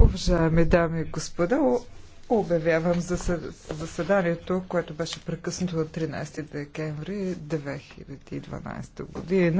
Уважаеми дами и господа, обявявам за заседанието, което беше прекъснато на 13 декември 2012 година.